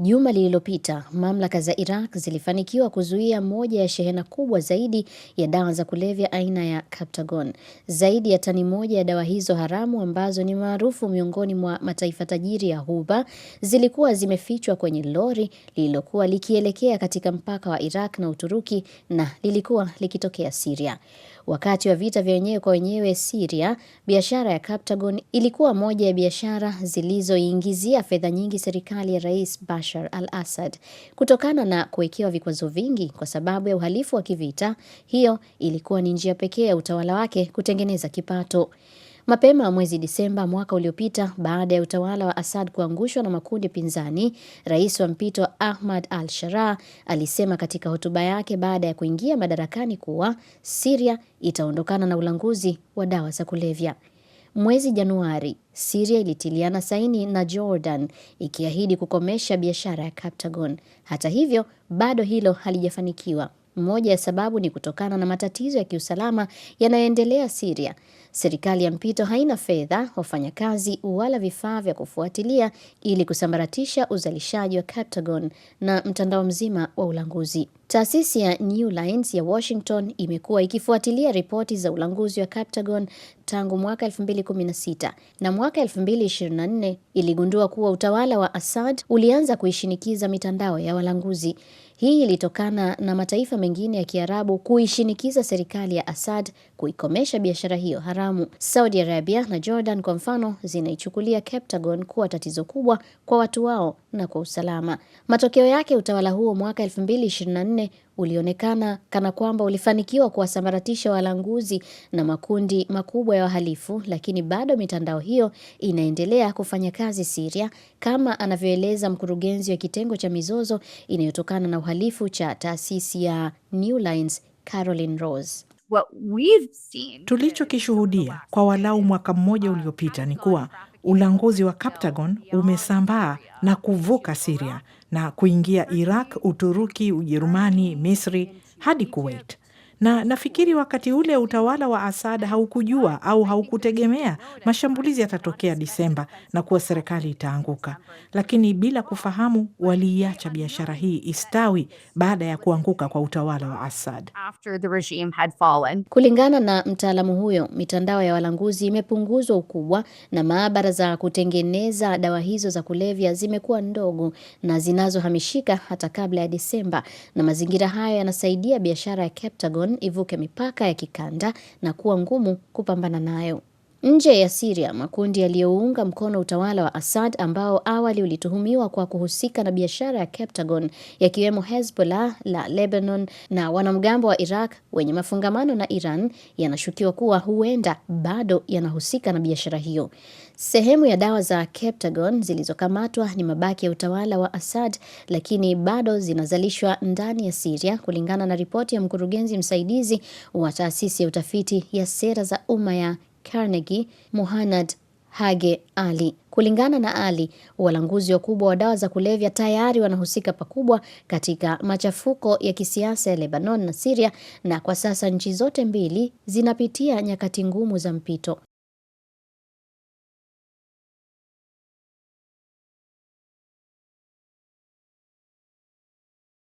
Juma lililopita mamlaka za Iraq zilifanikiwa kuzuia moja ya shehena kubwa zaidi ya dawa za kulevya aina ya Captagon. Zaidi ya tani moja ya dawa hizo haramu ambazo ni maarufu miongoni mwa mataifa tajiri ya Ghuba zilikuwa zimefichwa kwenye lori lililokuwa likielekea katika mpaka wa Iraq na Uturuki na lilikuwa likitokea Syria. Wakati wa vita vya wenyewe kwa wenyewe Syria, biashara ya Captagon ilikuwa moja ya biashara zilizoingizia fedha nyingi serikali ya Rais Bashar Bashar al-Assad kutokana na kuwekewa vikwazo vingi kwa sababu ya uhalifu wa kivita. Hiyo ilikuwa ni njia pekee ya utawala wake kutengeneza kipato. Mapema mwezi Disemba mwaka uliopita, baada ya utawala wa Assad kuangushwa na makundi pinzani, rais wa mpito Ahmad al-Sharaa alisema katika hotuba yake baada ya kuingia madarakani kuwa Syria itaondokana na ulanguzi wa dawa za kulevya. Mwezi Januari, Syria ilitiliana saini na Jordan ikiahidi kukomesha biashara ya Captagon. Hata hivyo, bado hilo halijafanikiwa. Moja ya sababu ni kutokana na matatizo ya kiusalama yanayoendelea Syria. Serikali ya mpito haina fedha, wafanyakazi wala vifaa vya kufuatilia ili kusambaratisha uzalishaji wa Captagon na mtandao mzima wa ulanguzi. Taasisi ya New Lines ya Washington imekuwa ikifuatilia ripoti za ulanguzi wa Captagon tangu mwaka 2016 na mwaka 2024 iligundua kuwa utawala wa Assad ulianza kuishinikiza mitandao ya walanguzi. Hii ilitokana na mataifa mengine ya Kiarabu kuishinikiza serikali ya Assad kuikomesha biashara hiyo haramu. Saudi Arabia na Jordan kwa mfano zinaichukulia Captagon kuwa tatizo kubwa kwa watu wao na kwa usalama. Matokeo yake utawala huo mwaka 2024 ulionekana kana kwamba ulifanikiwa kuwasambaratisha walanguzi na makundi makubwa ya wahalifu, lakini bado mitandao hiyo inaendelea kufanya kazi Syria, kama anavyoeleza mkurugenzi wa kitengo cha mizozo inayotokana na uhalifu cha taasisi ya New Lines, Caroline Rose. Tulichokishuhudia kwa walau mwaka mmoja uliopita ni kuwa Ulanguzi wa Captagon umesambaa na kuvuka Siria na kuingia Iraq, Uturuki, Ujerumani, Misri hadi Kuwait na nafikiri wakati ule utawala wa Asad haukujua au haukutegemea mashambulizi yatatokea Disemba na kuwa serikali itaanguka, lakini bila kufahamu waliiacha biashara hii istawi baada ya kuanguka kwa utawala wa Asad. Kulingana na mtaalamu huyo, mitandao ya walanguzi imepunguzwa ukubwa na maabara za kutengeneza dawa hizo za kulevya zimekuwa ndogo na zinazohamishika hata kabla ya Disemba, na mazingira hayo yanasaidia biashara ya Captagon Gabon ivuke mipaka ya kikanda na kuwa ngumu kupambana nayo. Nje ya Syria, makundi yaliyounga mkono utawala wa Assad ambao awali ulituhumiwa kwa kuhusika na biashara ya Captagon yakiwemo Hezbollah la Lebanon na wanamgambo wa Iraq wenye mafungamano na Iran yanashukiwa kuwa huenda bado yanahusika na biashara hiyo. Sehemu ya dawa za Captagon zilizokamatwa ni mabaki ya utawala wa Assad, lakini bado zinazalishwa ndani ya Syria, kulingana na ripoti ya mkurugenzi msaidizi wa taasisi ya utafiti ya sera za umma ya Carnegie Muhannad Hage Ali. Kulingana na Ali, walanguzi wakubwa wa dawa za kulevya tayari wanahusika pakubwa katika machafuko ya kisiasa ya Lebanon na Syria, na kwa sasa nchi zote mbili zinapitia nyakati ngumu za mpito.